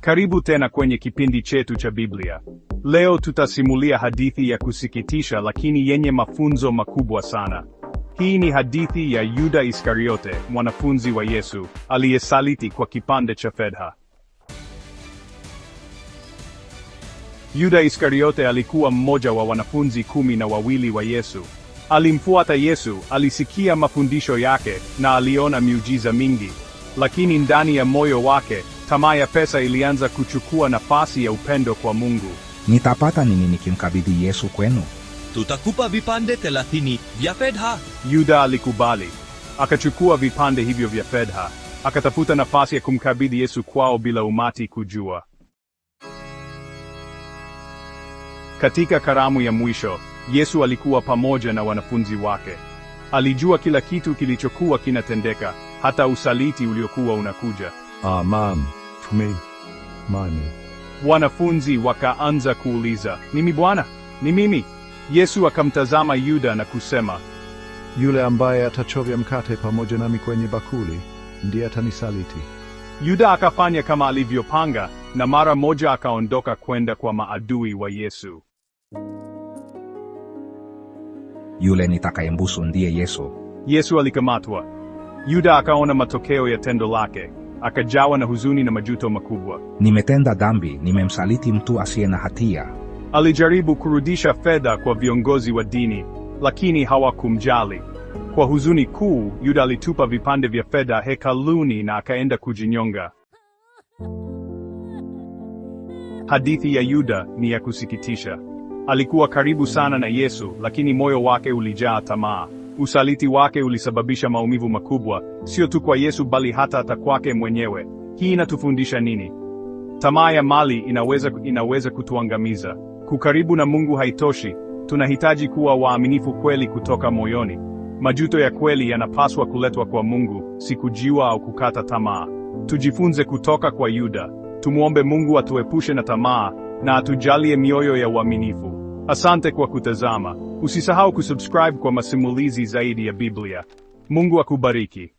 Karibu tena kwenye kipindi chetu cha Biblia. Leo tutasimulia hadithi ya kusikitisha lakini yenye mafunzo makubwa sana. Hii ni hadithi ya Yuda Iskariote, mwanafunzi wa Yesu, aliyesaliti kwa kipande cha fedha. Yuda Iskariote alikuwa mmoja wa wanafunzi kumi na wawili wa Yesu. Alimfuata Yesu, alisikia mafundisho yake na aliona miujiza mingi, lakini ndani ya moyo wake Tamaa ya pesa ilianza kuchukua nafasi ya upendo kwa Mungu. Nitapata nini nikimkabidhi Yesu kwenu? Tutakupa vipande thelathini vya fedha. Yuda alikubali, akachukua vipande hivyo vya fedha, akatafuta nafasi ya kumkabidhi Yesu kwao bila umati kujua. Katika karamu ya mwisho, Yesu alikuwa pamoja na wanafunzi wake. Alijua kila kitu kilichokuwa kinatendeka, hata usaliti uliokuwa unakuja. Amen for me, my me. Wanafunzi wakaanza kuuliza, nimi Bwana? Ni mimi? Yesu akamtazama Yuda na kusema, yule ambaye atachovya mkate pamoja nami kwenye bakuli ndiye atanisaliti. Yuda akafanya kama alivyopanga na mara moja akaondoka kwenda kwa maadui wa Yesu. Yule nitakayembusu ndiye Yesu. Yesu alikamatwa. Yuda akaona matokeo ya tendo lake akajawa na huzuni na majuto makubwa. Nimetenda dhambi, nimemsaliti mtu asiye na hatia. Alijaribu kurudisha fedha kwa viongozi wa dini, lakini hawakumjali. Kwa huzuni kuu, Yuda alitupa vipande vya fedha hekaluni na akaenda kujinyonga. Hadithi ya Yuda ni ya kusikitisha. Alikuwa karibu sana na Yesu, lakini moyo wake ulijaa tamaa. Usaliti wake ulisababisha maumivu makubwa, sio tu kwa Yesu bali hata hata kwake mwenyewe. Hii inatufundisha nini? Tamaa ya mali inaweza, inaweza kutuangamiza. Kukaribu na Mungu haitoshi, tunahitaji kuwa waaminifu kweli kutoka moyoni. Majuto ya kweli yanapaswa kuletwa kwa Mungu, si kujiwa au kukata tamaa. Tujifunze kutoka kwa Yuda. Tumwombe Mungu atuepushe na tamaa na atujalie mioyo ya uaminifu. Asante kwa kutazama. Usisahau kusubscribe kwa masimulizi zaidi ya Biblia. Mungu akubariki.